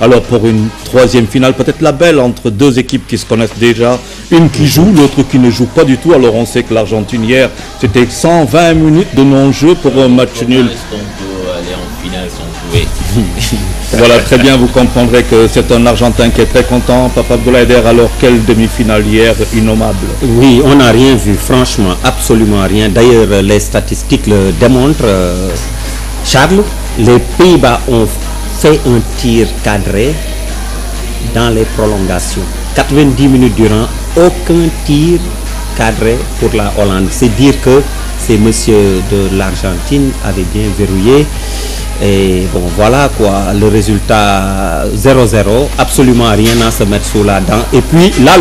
Alors pour une troisième finale, peut-être la belle entre deux équipes qui se connaissent déjà, une qui joue, l'autre qui ne joue pas du tout. on sait que l'Argentine hier, c'était 120 minutes de non-jeu pour un match nul. voilà, très qui est très content, Papa Abdoulaïder, alors quelle demi-finale innommable Oui, on n'a rien vu, franchement, absolument rien. D'ailleurs, les euh, les Pays-Bas ont fait un tir cadré dans les prolongations. 90 minutes durant, aucun tir cadré pour la Hollande. C'est dire que ces messieurs de l'Argentine avaient bien verrouillé. Et le résultat 0-0, absolument rien à se mettre sous la dent. Et puis la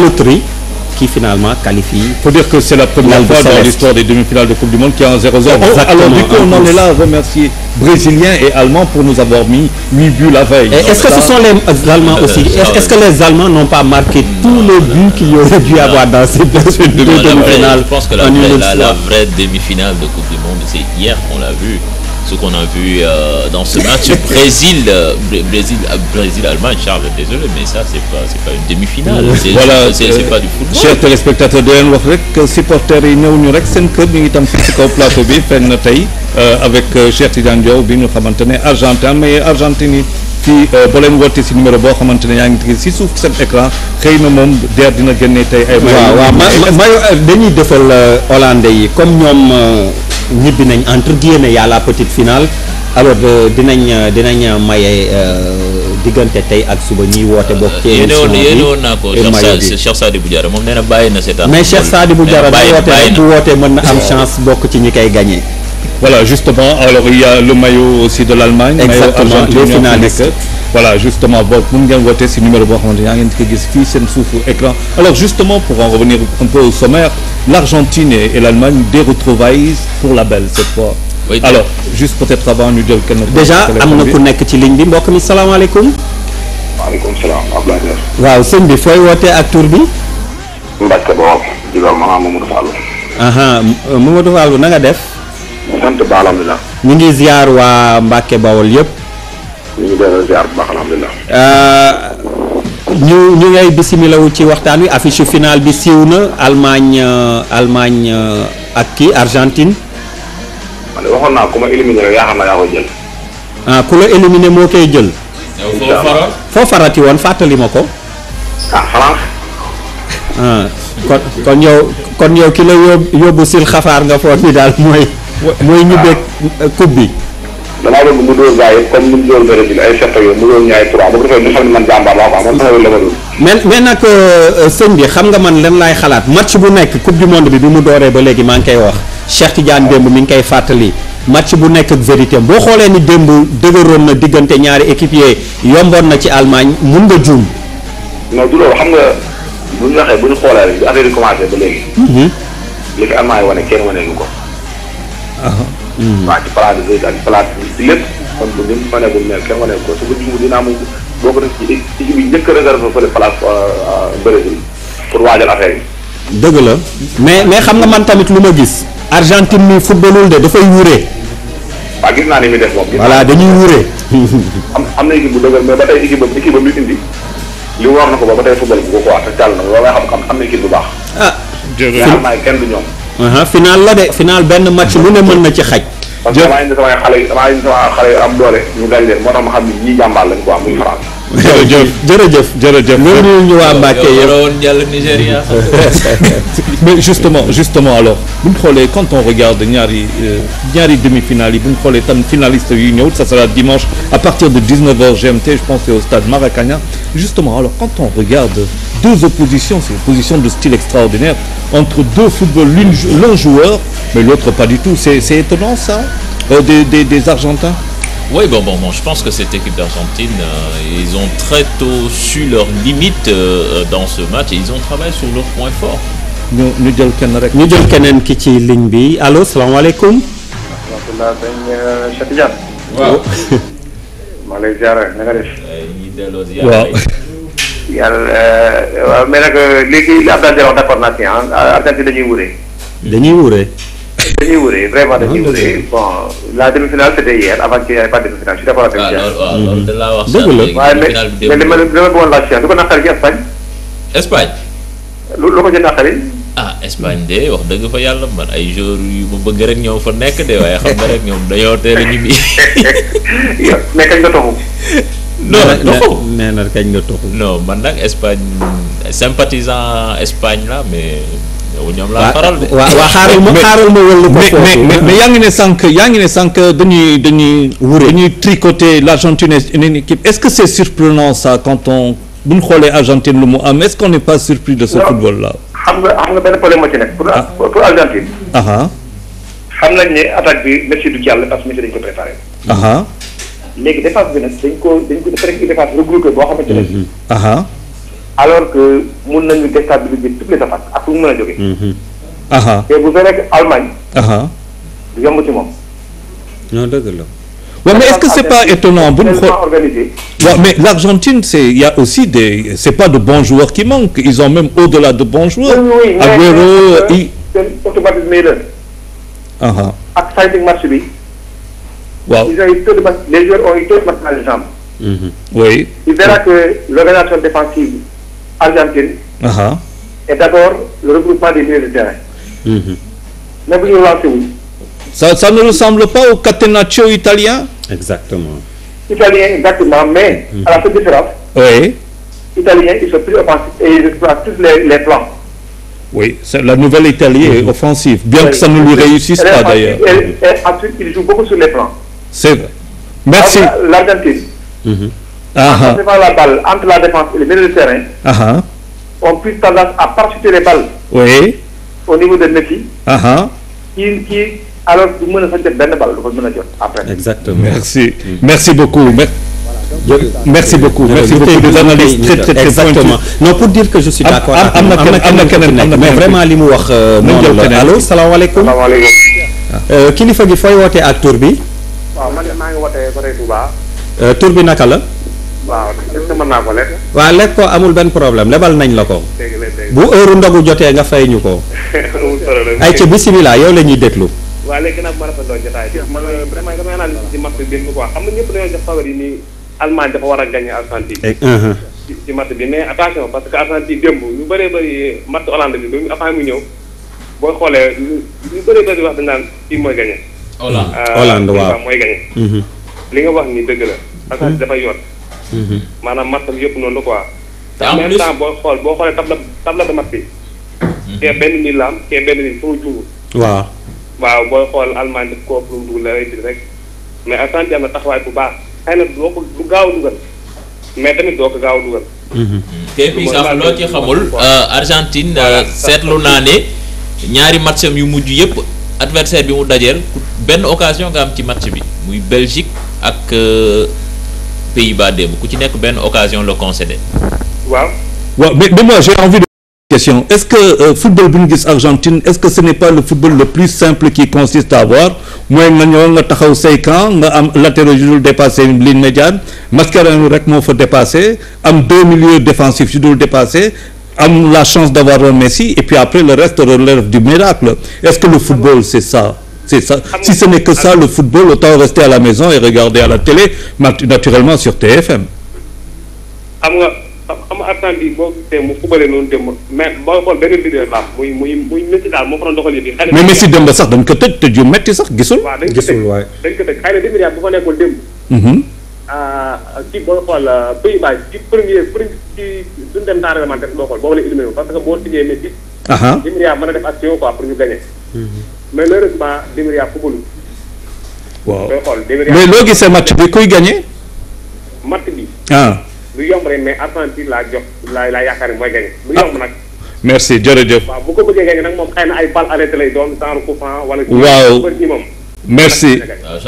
qui finalement qualifie. dire que c'est la première fois dans des demi-finales de Coupe du Monde qu'il y a oh, en est là à et Allemands pour nous avoir mis 8 buts la veille. Est-ce que ce sont les Allemands aussi? Est-ce que les Allemands n'ont pas marqué tous les buts qu'il aurait dû avoir dans ces demi-finale de Coupe du Monde, c'est hier qu'on l'a vu. ce qu'on a vu euh, dans ce match Brésil euh, Brésil euh, Brésil Allemagne Charles désolé mais c'est c'est pas une demi-finale. c'est euh, pas du football. chers téléspectateurs di leen wax rek supporters yi ñëw ñu rek seen kër ñu ngi tam fii ci kaw plateau bi fenn tey euh, avec Cheikh Tidiane Diaw bi ñu xamante ne Argentin mais Argentine ci boo leen wootee si numéro boo xamante ne yaa ngi ci si suuf seen écran xëy na moom der dina génnee tey ay. waaw waaw ma dañuy defal hollandais ñibbi nañ entre guillemets y a la petite finale alors euh, dinañ euh, dinañ maye euh, diggante tey ak suba ñuy woote bokk. ci émission bi yéen woon naa ko Cheikh Sadibou Diarra moom nee na bàyyi na seetaan mais Cheikh Sadibou Diarra bu wootee mën na am chance bokk ci ñi koy gañee voilà justement alors il y a le maillot aussi de l'Allemagne exactement maillot argentin voilà justement boobu mun ngeen woote si numéro boo xamante yaa ngeen ko gis fii seen suufu écran alors justement pour en revenir un peu au sommaire l'Argentine et l'Allemagne des retrouvailles pour la belle cette fois oui, alors juste peut-être avant ñu jël kenn déjà am na ku nekk ci ligne bi mbokk mi salaamaaleykum maaleykum salaam Abdoulaye waaw sëñ bi fooy wootee ak tur bi Mbacke Bawol di la maanaam Mamadou Fallou Mamadou Fallou na nga def sant ba alhamdulilah. ngi ziar waa Mbacke Bawol yëpp. ñu ngi doon ziar baax alhamdulilah. Euh, ñu ngay bisimila ci waxtaan wi affiche finale bi siiw na Allemagne euh, Allemagne euh, ak kii Argentine. Ah, ku la éliminé moo koy jël. foo farati woon fàttali ma ko. Ah, ah, kon kon yow kon yóbbu sil xafaar nga foon ni daal mooy. mooy ñu beeg coupe bi. damaa bëgg mu dóor gars yi comme ni mu doon bëri ay sept yooyu mu doon ñaari trois bu ko defee ñu xam ne man jàmbaar laa ko am man la ma doon. mais mais nag euh, euh, sëñ bi xam nga man lan laay xalaat match bu nekk coupe du monde bi bi mu dooree ba léegi maa ngi koy wax Cheikh Tidiane démb mi ngi koy fàttali match bu nekk ak vérité boo xoolee ni démb dëgëroon na diggante ñaari équipe yee yomboon na ci Allemagne mun nga juum. non du loolu xam nga bu ñu waxee bu ñu xoolee rek bi affaire yi commencé ba léegi. Mhm. li fi Allemagne wane kenn wane lu ko. waaw ci palaat bi ak palaat bi ci lépp kon bu ñu ma nekkul mel kenn ma nekk ko su ko jiwu dinaa moom bokk na ci équipe yi njëkk a fële palaat euh, euh, Brésil pour waajal affaire yi. dëgg la mais mais xam na man tamit lu ma gis. Argentine mi footballul de dafa wuuree. waaw gis naa ni muy def moom. voilà dañuy wuuree. am am na équipe bu dëgër mais ba tey équipe boobu équipe boobu ñu indi li war na ko ba ba tey football bu ko ko wax te na looloo xam-xam am na équipe bu baax. ah jërëjëf mais am du ñoom. final la de final benn match lu ne mën na ci xaj. parce que damaa indi sama xale yi damaa indi sama xale yu am doole ñu gañ leen lañ ko am muy France. jërëjëf jërëjëf jërëjëf. loolu ñu waa Mbacke yëpp mais justement justement alors bu ñu xoolee quand on regarde ñaari euh, ñaari demi-finale yi ñu xoolee tam finaliste yu ñëw ça sera dimanche à partir de 19h GMT je pense que au stade Maracanã justement alors quand on regarde deux oppositions c'est une position de style extraordinaire entre deux footballs l'un joueur mais l'autre pas euh, des des des Argentins. Oui, bon, bon, bon, je pense que cette équipe d'Argentine, euh, ils ont très tôt su leurs limites euh, euh, dans ce match et ils ont travaillé sur leurs points forts. ñu ñu jël kenn rek. ñu jël keneen ki ci ligne bi allo salaamaaleykum. waaw sëñ euh, Cheikh Tidiane. waaw. maa lay ziar na nga def. Eh, ñi delloo ziar. waaw. yàlla waaw mais nag léegi li Abdoulaye wax d'accord naa si ah Argentine dañuy wuure. dañuy wuure. dañuy wëree vraiment dañuy wëree bon la demi-finale c'était hier avant qu'il y ait pas de demi-finale je suis d'accord avec toi. waaw loolu loolu laa wax. dëgg la waaye mais mais li ma li ah, ma bëggoon laaj si lu ko naqari ci Espagne. Espagne. lu lu ko ci naqari. ah Espagne de wax dëgg fa yàlla man ay joueurs yu ma bëgg rek ñoom fa nekk de waaye xam nga rek ñoom dañoo teel a ñibbi. yow mais kañ nga toxu. non toxu nee na kañ nga toxu. non man nag Espagne eh, sympathisant Espagne la mais. ñoom laa faral de. waaw xaaral ma xaaral ma wëllu ko foofu mais mais yaa ngi ne sànq yaa ngi ne sànq de dañuy. wure dañuy tricoter l'Argentine une équipe ce que c'est surprenant ça quand on bu ñu xoolee Argentine lu mu am est-ce qu'on n'est pas surpris de ce football là. xam nga xam nga benn problème moo ci nekk pour ah. pour Argentine. Ah ah. xam nañ ne attaque bi Messi du jàll parce que Messi dañ ko préparé. léegi défense bi dañ ko dañ ko dafa rek défense regroupé boo alors que mun nañu déstabiliser toutes les attaques ak fu mu mën a jógee. te bu fekkee Allemagne. du yomb ci moom. non dëgg la. waaw mais est-ce que c'est pas étonnant bu ñu xool waaw mais l'Argentine c'est il y a aussi des c'est pas de bons joueurs qui manquent ils ont même au-delà de bons joueurs. oui oui Agüero i. seen automatisme yi la. ak fighting match bi. waaw ils ont eu peu de match les joueurs ont eu peu de match à la jambe. Mhm. oui. il verra que l'organisation défensive. Argentine. Uh -huh. et d'abord le regroupement des milieux de terrain. Mhm. même bu ñu lancé wu. ça ne ressemble pas au catenaccio italien. exactement. italien exactement mais. Mhm. à la seule différence. oui. italien ils sont plus offensifs et ils exploitent tous les les plans. oui la nouvelle Italie est mhm. offensive. bien que ça ne lui réussisse pas d'ailleurs. et ensuite ils jouent beaucoup sur les plans. c'est vrai. merci devant la balle, entre la de terrain, uh -huh. on puisse tendance à parachuter les balles oui. au niveau de Messi. Uh -huh. qui, qui, alors du mën a sa jot benn balle du ko mën a jot m exactement merci merci beaucoup. merci beaucoup merci beaucoup des analyses très très très exactement non pour dire que je suis d'accord am na keneen am na keneen am na mais vraiment li mu wax euh, noonu la allo salaamaaleykum euh, kilifa gi fooy wootee ak tur bi. waaw man maa ngi wootee côté Touba. Euh, tur bi naka la. waaw est naa ko lekk. waaw lekk ko amul benn problème lebal nañ la ko. bu heure ndogu jotee nga fay ñu ko. ay ca bisimilah yow la ñuy déglu. waaw léegi nag ma rafetloo jotaay bi man vraiment damay naan ci match bi bi quoi xam nga ñëpp dañoo jox favori yi nii Allemagne dafa war a gagné Argentine. Eh, uh-huh. ci ci match bi mais attention parce que Argentine démb bi ba mu avant mu ñëw boo xoolee ñu bëree wax dañ naan kii mooy gagné. Hollande euh, Hollande waaw mooy gagné. Mm-hmm. li nga wax ni dëgg la. Mm-hmm. Argentine dafa yor. Mhm. maanaam mat ak yëpp noonu quoi. te en même temps xool boo xoolee tabla tabla mat bi. Mhm. benn mille la am kee waaw. waaw booy xool Allemagne daf koo pour dugg la rek mais Assane am na taxawaay bu baax xëy na doo ko mais tamit doo ko gaaw a mhm. loo ci xamul euh, Argentine euh, seetlu naa ne ñaari matcham yu mujj yëpp adversaire bi mu dajeel benn occasion nga am ci match bi muy Belgique ak. Euh, Pays-Bas démb ku ci nekk benn occasion la concédé. waaw. waaw mais est-ce que euh, football bu gis Argentine est-ce que ce n'est pas le football le plus simple qui consiste à avoir mooy nga ñëw nga taxaw say nga am latéraux yu dul dépassé ligne rek moo fa dépassé am deux milieux défensifs yu dul dépassé am la chance d'avoir un Messi et puis après le reste relève du miracle est que le football c'est ça c'est ça si ce n'est que ça le football autant rester à la maison et regarder à la télé naturellement sur TFM. xam nga xam nga bi boo gisee mu fubale noonu démb mais boo xool benn leader la muy muy muy Messi daal moo fa doon doxalee bi. mais Messi démb sax dañ ko tëj tëj yu metti sax gisul. gisul waay dañ ko tëj xëy na démb daal bu fa nekkoon démb. ci mhm. ah, boo xool ah, Pays-Bas ci premier dem temps réglementaire boo pour ñu gagner. Mhm. malheureusement Dimiria football. waaw sooy xool Dimiria. loo gisee match bi kuy gagné. match bi. ah. du yomb rek mais laa jox laa laa yaakaar ne mooy gagné. Ah. merci jërëjëf. waaw bu ko bëggee gagné nag moom xëy na ay bal arrêté lay doon genre coup franc wala. waaw moom. merci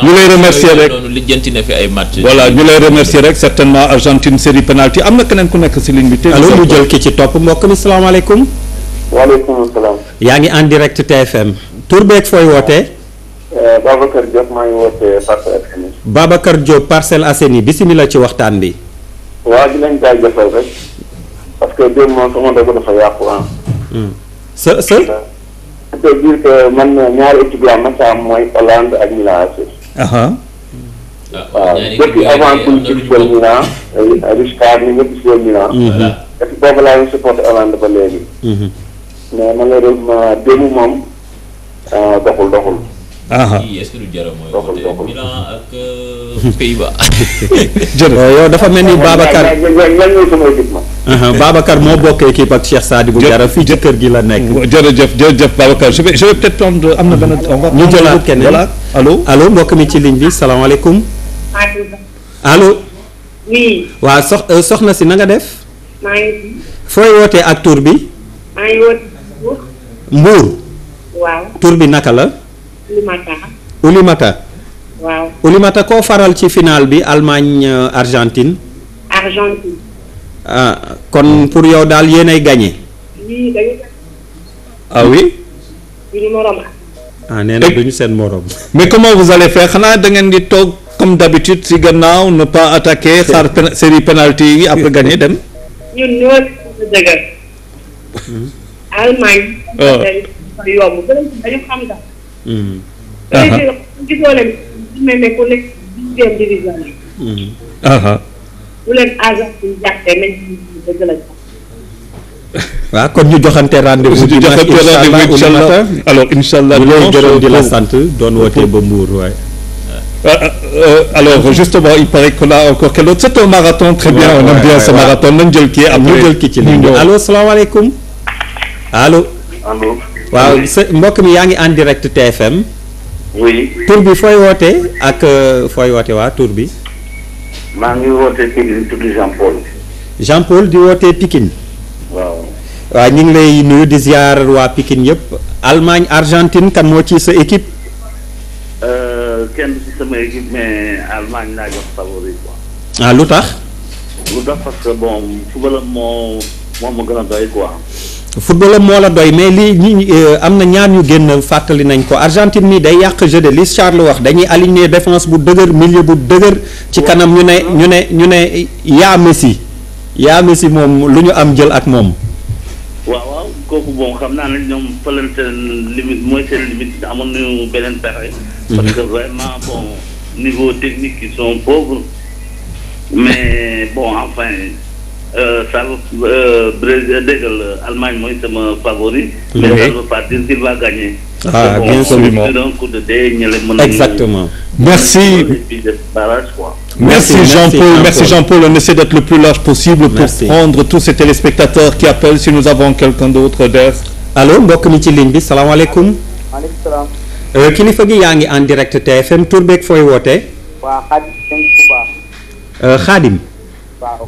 ñu lay remercier rek lijjanti na fi ay match voilà ñu lay remercier rek certainement Argentine série penalty am na keneen ku nekk si ligne bi. te ñu jël ki ci topp mbokk mi salaamaaleykum. waaleykum salaam. yaa ngi en direct TFM. tur beeg fooy wootee. Euh, Babacar Diop maa ngi wootee Parcelles Assainies. Babacar Diop Parcelles Assainies ci waxtaan bi. waaw di leen jaajëfal rek parce que démb moom sama dëgg dafa yàqu ah. Hmm. sa sa. c'est-à-dire euh, man ñaari étudiants ma saa mooy Hollande ak Milan AC. Ah, waaw depuis avant politique de Milan euh, Rijkaard ni ñëpp si Milan hmm. et puis boobu laa ngi supporté ba léegi hmm. mais malheureusement démb moom ah doxul doxul. kii est euh, oh, dafa mel ni Babacar. Babacar moo bokk équipe ak Cheikh Sadibou Diarra fii ci kër gi la nekk. jërëjëf jërëjëf Babacar je vais je vais peut-être prendre am na benn. ñu jëlaat keneen voilà allo. allo mbokk mi ci ligne bi salaamaaleykum. allo. oui. waaw sox euh, soxna si na def. maa fooy wootee ak tur bi. maa waaw tur bi naka la. Oulimata. Oulimata. waaw koo faral ci final bi Allemagne euh, Argentine. Argentine. Ah, kon pour yow daal yéenay gagné. oui dañuy. ah oui. Ah, duñu seen morom. mais comment vous allez faire xanaa dangeen ngeen di toog comme d'habitude si gannaaw ne pas attaquer xaar série penalty yi après dem. ñun dafa bu hmm. leen agent hmm. kon ñu joxante rendez joxante rendez-vous loolu gërëm di la sant doon wootee ba Mbour waay. Ah, ah, euh, alors justement il paraît que là encore quel autre c'est marathon. très bien on aime bien ce marathon nañ jël kii am. ñu jël kii ci ligne bi allo salaamaaleykum allo. allo. waaw sa mbokk mi yaa ngi en direct TFM. oui. tur bi fooy wootee ak euh, fooy woote waa tour bi. maa ngi wootee Pikine tudd Jean Paul. Jean Paul di woote Pikine. waaw. waaw ñu ngi lay nuyu di ziar waa Pikine yëpp Allemagne Argentine kan moo ci sa équipe. Euh, kenn ci sama équipe mais Allemagne laa jox favori quoi. Ah, lu tax. parce que bon football moo moo ma gën quoi. football moo la doy mais lii ñi euh, am na ñaan yu génn fàttali nañ ko Argentine mii day yàq jeu de li Charles wax dañuy aligner défense bu dëgër milieu bu dëgër ci kanam ñu ne ñu ne ñu ne yaa Messi yaa Messi moom lu ñu am jël ak moom. waaw waaw kooku bon xam naa ne ñoom fële seen limite mooy seen limite amoon nañu beneen pexe. Mhm. parce que vraiment bon niveau technique ils sont pauvres mais bon enfin. ça veut euh, euh, dégg nga Allemagne mooy sama favori. mais ça veut pas dire qu'il va gagner. ah bien sûr donc de dee ñële mën exactement merci. Merci, merci Jean-Paul, merci Jean-Paul. Jean on essaie d'être le plus large possible merci. pour prendre tous ces téléspectateurs qui appellent si nous avons quelqu'un d'autre d'être. Allô mbokk mi ci ligne bi salaamaaleykum. maaleykum salaam. Euh, kilifa gi yaa ngi en direct TFM tur beeg fooy wootee. waa Xaadim. waaw. Xaadim. waaw.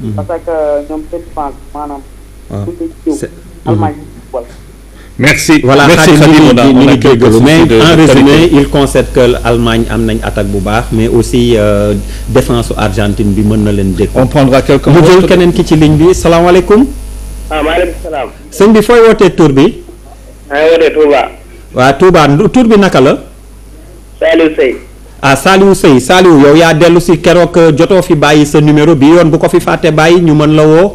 Mhm. parce que ñoom na banque maanaam. waaw ah. c' mhm. merci mais en résumé il concède que l'Allemagne am nañ attaque bu baax mais aussi euh, défense Argentine bi mën na leen dégg mu jël keneen ki ci ligne bi salaamaaleykum waaw ah, maaleykum bi fooy wootee tuur bi maa ngi bi naka la ah Saliou Seye Saliou yow yaa dellu si kerook euh, jotoo fi bàyyi sa numéro bi yoon bu ko fi fàtte bàyyi ñu mën la woo.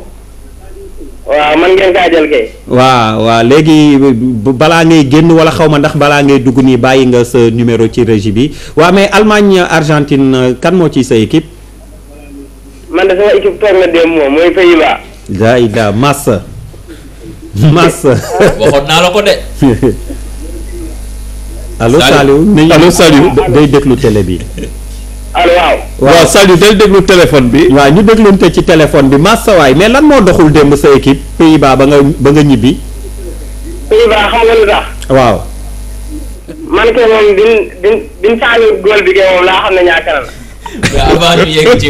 waaw man ngeen kaa jël waa waa léegi balaa ngay génn wala xaw ma ndax balaa ngay dugg nii bàyyi nga sa numéro ci régi bi waaw mais Allemagne Argentine kan moo ci sa équipe. man de sama équipe toog na démb moom mooy Pays-Bas. daa daa massa massa. waxoon naa la ko de. allo Saliou allo Saliou day déglu télé bi. allo waaw. waaw Saliou day déglu téléphone bi. waaw ñu déglunte ci téléphone bi Massawaay mais lan moo doxul dem sa équipe pays ba nga ñibbi. Pays-Bas xam nga lu tax. waaw. man kay moom bin bin bin Saliou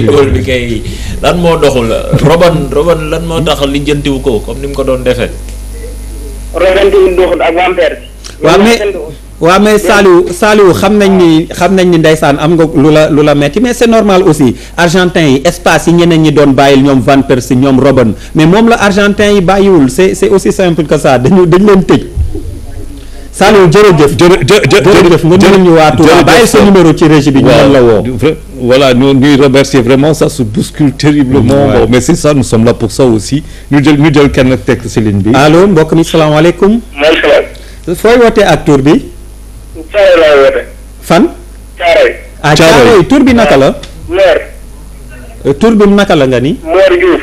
góol bi kay lan moo doxul Robben Robben lan moo tax lijjantiwu ko comme ni mu ko doon defee. Robben tamit doxul ak Van Persie. waaw mais. waaw mais Saliou Saliou ah. xam nañ ni xam nañ ni ndeysaan am nga lu la lu la metti mais c'est normal aussi argentin yi espace yi ñeneen ñi doon bàyyil ñoom Van Persie ñoom Robben mais moom la argentin yi bàyyiwul c'est c'est aussi simple que ça dañu dañ leen tëj Saliou jërëjëf jërëjëf nga nuyu ñu waa bàyyi sa numéro ci régie bi ñu mën la woo voilà nous ñuy remercier vraiment ça se bouscule terriblement bon mais c'est ça nous sommes là pour ça aussi ñu jël ñu jël kenn ak teg ci ligne bi allo mbokk mi salaamaaleykum fooy wotee ak tur bi fan. Caaroy. Ah, tur bi naka la. Ah, Mor. Eh, tur bi naka la nga ni. Mor Diouf.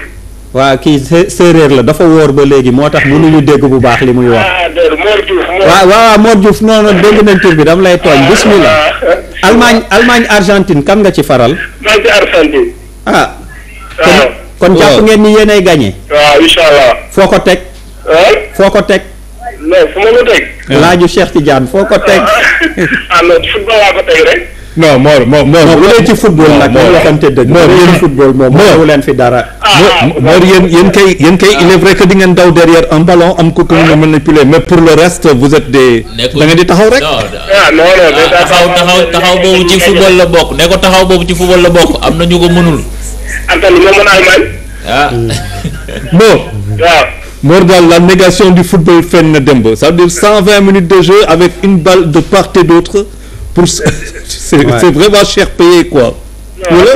waaw kii séeréer la dafa wóor ba léegi moo tax mënuñu dégg bu baax li muy wax. ah déedéet Mor Diouf. waaw waaw Mor Diouf non dégg nañ tur bi dama lay tooñ. Ah, bismillah Allemagne almaañ Argentine kan nga ci faral. maa ngi ci Argentine. ah. kon jàpp ngeen ni yéenay gagné. foo ko teg. Eh? foo ko teg. non fu ma ko teg. laaju foo ko teg. ah non football laa ko ci football nag ñu waxante dëgg. Mor yéen football leen fi dara. Ah, ah, Mor yéen yéen kay yéen kay ah. il est vrai di ngeen daw derrière un ballon am ko ku nga manipuler mais pour le reste vous êtes des. da ngeen di taxaw rek. non taxaw taxaw taxaw boobu ci football la bokk ne ko taxaw boobu ci football la bokk am na ñu ko mënul. Anta li a Morgan, la négation du football fenn demb ça veut dire 120 minutes de jeu avec une balle de part et d'autre pour c'est ouais. c'est vraiment cher payé quoi. wala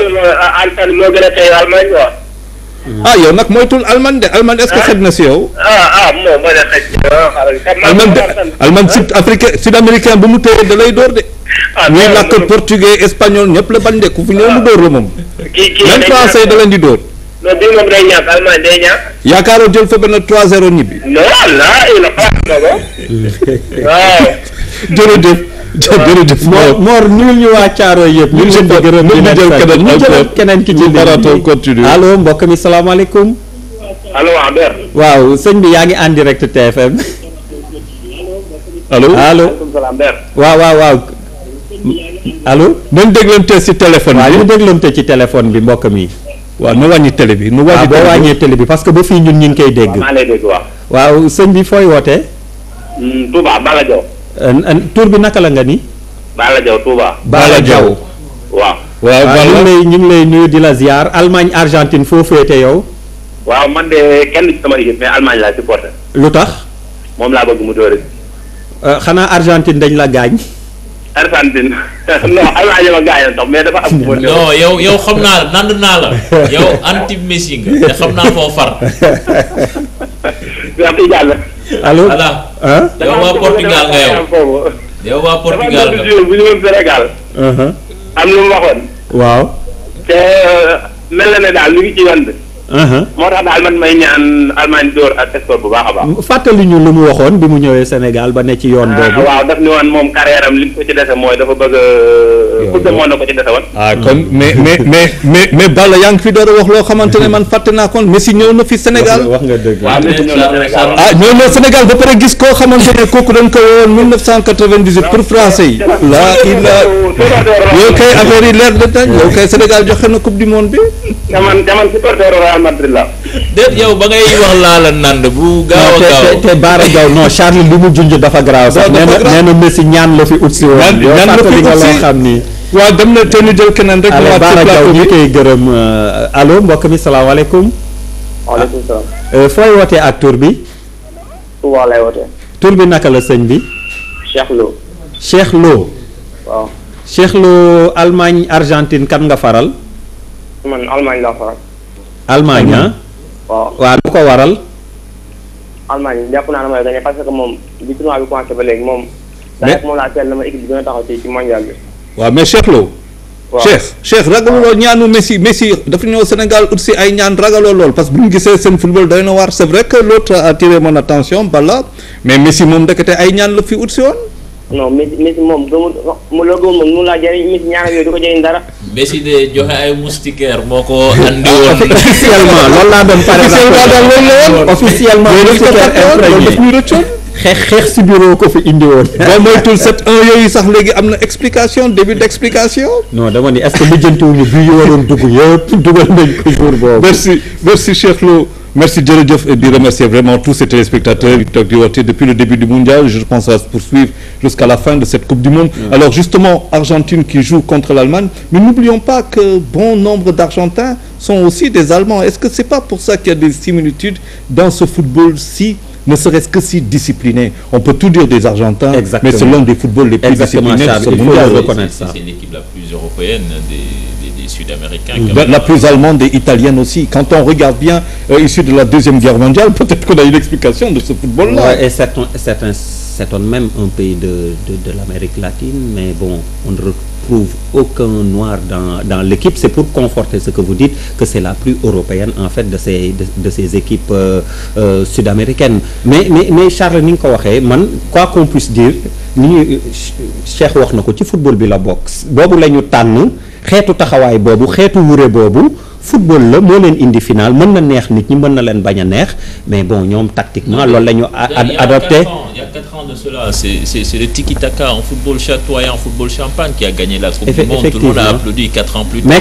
ah yow nag moytul Allemagne de Allemagne est-ce que ah. xëj na si yow. ah ah moom mooy ah, Allemagne ah. sud africain sud américain bu mu tëyee da lay door de. ah ñuy làkk portugais espagnol ñëpp la bañ de ku fi ñëw mu door la moom. kii kii même français di door. non bii day ñàkk Allemagne yaakaaroo jël fa benn 3-0 ñibbi. non laa il xam nga ko. waaw. jërëjëf. ñu waa Caaro yëpp. ñu ngi leen di gërëm di jël keneen ki ci ligne bi allo mbokk mi salaamaaleykum. allo Albert. waaw sëñ bi yaa ngi en direct TFM. allo allo waaw waaw waaw. allo. nañ dégloonte si téléphone bi waaw ñu dégloonte ci téléphone bi mbokk mi. waaw nu wàññi télé bi mu wàññi ah, boo wàññee télé bi parce que ba fii ñun ñu ngi koy dégg maa lay dégg waaw waaw sëñ bi fooy wootee hmm, Touba Bala Diaw euh, euh, tur bi naka la nga ni Bala Diaw Touba waaw waaw ñu ngi lay ñu ngi lay nuyu di la ziar Allemagne Argentine foo féete yow waaw man de kenn ci sama équipe mais Allemagne laa supporté lu tax moom laa bëgg mu dóore euh, xanaa Argentine dañ la gaañ Argentine non Allemagne ma gaañ la tax mais dafa am. non yow yow xam naa la nand la yow anti Messi nga xam naa foo far. wax dëgg yàlla. allo voilà. yow Portugal nga yow. yow waa Portugal nga yow. bu uh-huh. am lu mu waxoon. waaw. te mel ne daal lu ngi ci Uh-huh. moo tax daal man may ñaan Allemagne dóor ak Espoir bu baax a baax. fàttali ñu lu mu waxoon bi mu ñëwee Sénégal ba ne ci yoon ah, boobu. waaw daf ni woon moom carrière am li ko ci dese mooy dafa bëgg a. coupe du monde ko ci dese woon. Ah, mais mais mais yaa ngi fi door a wax loo xamante man fàtte naa kon Messi ñëw na fi Sénégal. wax nga dëgg waaw Messi ñëw na Sénégal ah ñëw na Sénégal ba pare gis koo xamante kooku dañ ko woon 1998 pour français yi. la ila yow kay affaire yi leer de tañ kay Sénégal joxe na coupe du monde bi. alhamdulilah. déet yow ba ngay wax la nand bu. gaaw a gaaw te Baara Diaw non Charles li mu junj dafa garaaw sax. nee na nee na Messi ñaan la fi ut si woon. ñaan la fi nga loo xam ni. waaw dem na te jël keneen rek. Baara Diaw ñu koy gërëm euh, allo mbokk mi salaamaaleykum. waaleykum salaam. Euh, fooy wootee ak tur bi. tur bi naka la sëñ bi. Cheikh Lo. Cheikh Lo. waaw. Argentine kan nga faral. man Allemagne laa faral. Allemagne ah. waaw waaw lu ko waral. Allemagne jàpp naa ne mooy gagné parce que moom bi tournoi bi commencé ba léegi moom. mais moom laa seetlu na ma équipe bi gën a taxaw ci ci mondial bi. waaw mais Cheikh Lo. waaw Cheikh Cheikh ragaloo ñaanu Messi Messi dafa ñëw Sénégal ut si ay ñaan ragaloo lool parce bu ñu gisee seen football doy na waar c'est vrai que l'autre a attiré attention bala mais Messi moom ndekete ay ñaan la fi ut si woon. no Messi Messi moom gëmul mu la gëmul mu laa jëriñ Messi ñaar yooyu du ko jëriñ dara. Messi de joxe ay moustiquaire moo ko andi officiellement loolu laa doon pare. officiellement officiellement xeex xeex si bureau ko fi indi woon. boo moytul set un yooyu sax léegi am na explication début d' explication. dama ni est ce que lijjantiwuñu bi yu waroon dugg yëpp dugal nañ ko jour boobu. merci merci Cheikh Lo. merci jërëjëf et di vraiment tous ces téléspectateurs yi depuis le début du mondial je pense à se poursuivre jusqu'à la fin de cette coupe du monde alors justement Argentine qui joue contre l'Allemagne mais n'oublions pas que bon nombre d'Argentins sont aussi des Allemands est-ce que c'est pas pour ça qu'il a des similitudes dans ce football ne serait-ce que si discipliné on peut tout dire des Argentins Exactement. mais c'est l'un des footballs les plus disciplinés de ce mondial il faut reconnaître ça c'est l'équipe la plus européenne des sud-américains. La, la plus allemande et italienne aussi. Quand on regarde bien, euh, issue de la Deuxième Guerre mondiale, peut-être qu'on a une explication de ce football-là. et c'est même un pays de, l'Amérique latine, mais on ne trouve aucun noir dans, dans l'équipe. C'est pour conforter ce que vous dites, que c'est la plus européenne en fait de ces, de, de ces équipes euh, euh, sud-américaines. Mais, mais, mais Charles Ninko man, quoi qu'on puisse dire, ni euh, Cheikh wax na ko ci football bi la bokk boobu la tànn xeetu taxawaay boobu xeetu wure boobu football la moo leen indi final mën na neex nit ñi mën na leen bañ a neex mais bon ñoom tactiquement loolu la ñu c'est le tiki en football chatoyant en football champagne qui la coupe du monde tout le monde a applaudi quatre ans plus tard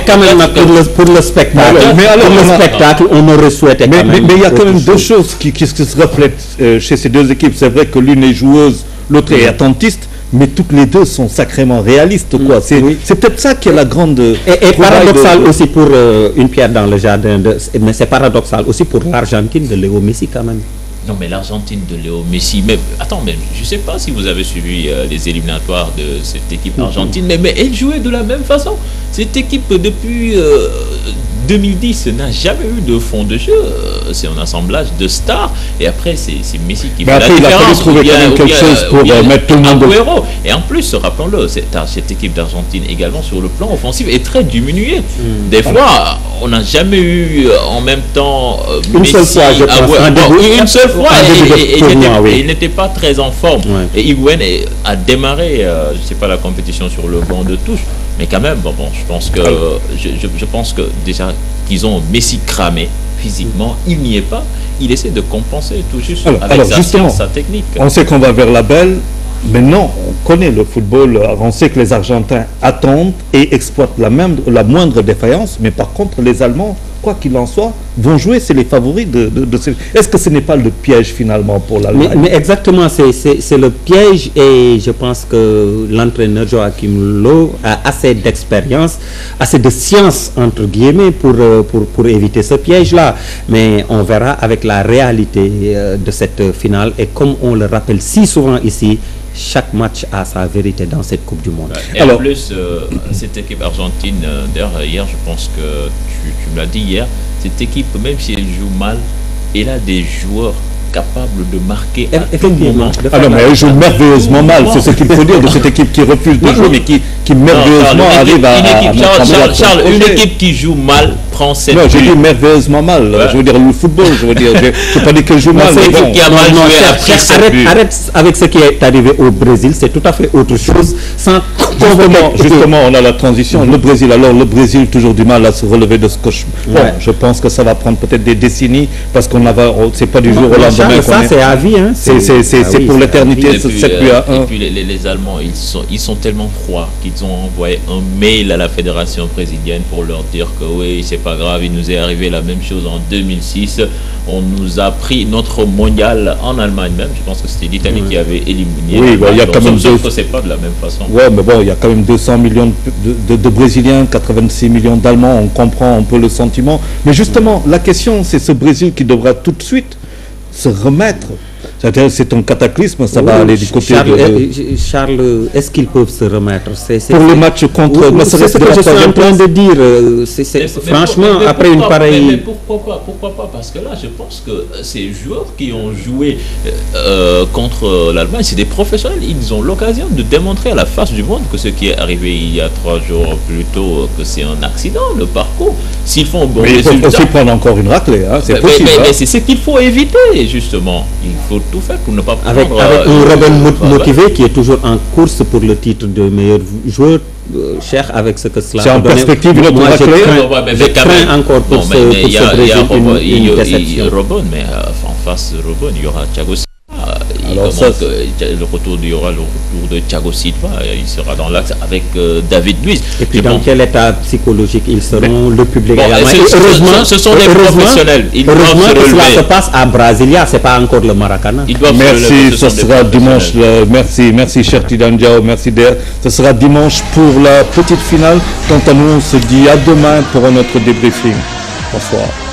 pour le spectacle on aurait souhaité mais il y a quand même deux choses qui se reflètent euh, chez ces deux équipes c'est vrai que l'une est joueuse l'autre est attentiste mais toutes les deux sont sacrément réalistes quoi mm. c'est oui. c'est peut-être ça qui est la grande et, et paradoxal de... aussi pour euh, une pierre dans le jardin de mais c'est paradoxal aussi pour l'Argentine de Léo Messi quand même Non, mais l'Argentine de Léo Messi, attends, mais je sais pas si vous avez suivi euh, les éliminatoires de cette équipe mm-hmm. argentine, mais, mais elle jouait de la même façon. Cette équipe, depuis euh, n'a jamais eu de fond de jeu. Euh, c'est un assemblage de stars. Et après, c'est Messi qui fait la il différence. A trouver Et en plus, plan offensif est très diminuée. Mm. Des fois, n'a jamais eu en même temps Messi, une seule fois, je pense, un, un, un, une seule froid et, et, et il n'était oui. pas très en forme. Ouais. Et Higuain a démarré, euh, je sais pas la compétition sur le banc de touche, mais quand même, bon, bon je pense que ah je, je, je pense que déjà qu'ils ont Messi cramé physiquement, il n'y est pas. Il essaie de compenser tout juste alors, avec alors, sa, science, sa technique. On sait qu'on va vers la belle. Maintenant, on connaît le football avancé que les Argentins attendent et exploitent la, même, la moindre défaillance. Mais par contre, les Allemands quoi qu'il en soit, vont jouer, c'est les favoris de, de, de ces... Est-ce que ce n'est pas le piège finalement pour l'Allemagne mais, mais, exactement, c'est le piège et je pense que l'entraîneur Joachim Lowe a assez d'expérience, assez de science entre guillemets pour, euh, pour, pour éviter ce piège-là. Mais on verra avec la réalité euh, de cette finale et comme on le rappelle si souvent ici, chaque match a sa vérité dans cette Coupe du Monde. Et Alors, en plus, euh, cette équipe argentine, euh, d'ailleurs, hier, je pense que tu, tu me l'as dit, hier, cette équipe, même si elle joue mal, elle a des joueurs capable de marquer à Effectivement. Tout moment. Alors, ah mais elle joue ah, merveilleusement mal, c'est ce qu'il faut dire de cette équipe qui refuse de jouer, mais qui, qui merveilleusement non, Charles, équipe, arrive à... Une équipe, Charles, Charles, Charles une équipe qui joue mal prend cette Non, je dis merveilleusement mal, ouais. je veux dire le football, je veux dire, je ne pas dire qu'elle joue mal. C'est bon. qui a mal non, joué non, après arrête, arrête avec ce qui est arrivé au Brésil, c'est tout à fait autre chose, sans justement, justement, on a la transition. Le Brésil, alors le Brésil, toujours du mal à se relever de ce Je pense que ça va prendre des décennies parce qu'on c'est pas du jour au lendemain. Ça, sont, tellement froids qu'ils ont envoyé un mail à la fédération brésilienne pour leur dire que oui, c'est pas grave, la même chose en 2006. On nous a pris notre mondial en Allemagne même. Je pense que c'était l'Italie qui avait éliminé. il y a quand même. Deux... pas de la même façon. mais bon, y a quand même 200 millions de, de, de Brésiliens, 86 millions d'Allemands, on c'est-à-dire c'est un cataclysme ça oui, va aller du côté Charles, de... Eh, eh, Charles est-ce qu'ils peuvent se remettre c'est pour le match contre oui, c'est ce que je suis en train de dire euh, c'est c'est franchement mais, mais après pourquoi, une pareille mais, pourquoi pas pourquoi pas parce que là je pense que euh, ces joueurs qui ont joué euh, euh contre l'Allemagne c'est des professionnels ils ont l'occasion de démontrer à la face du monde que ce qui est arrivé il y a trois jours plus tôt que c'est un accident le parcours s'ils font bon mais résultat, ils peuvent aussi prendre encore une raclée hein, c'est possible mais, hein. c'est ce qu'il faut éviter justement il faut tout faire pour ne pas prendre, avec, avec euh, un rebelle motivé qui est toujours en course pour le titre de meilleur joueur euh, cher avec ce que cela. c'est en perspective une autre je crains encore pour ce Brésil une déception. mais il y a Robben mais euh, en face de Robben il y aura Thiago Alors ça que le retour il y aura le retour de Thiago Silva, il sera dans l'axe avec euh, David Luiz. Et puis dans bon. quel état psychologique ils seront mais, le public bon, également. Et heureusement, ce sont des professionnels. Ils heureusement se que cela se passe à Brasilia, c'est pas encore le Maracana. Merci, ce, ce sera dimanche le, euh, merci, merci cher Tidane Diao, merci Der. Ce sera dimanche pour la petite finale. Quant à nous, on se dit à demain pour notre débriefing. Bonsoir.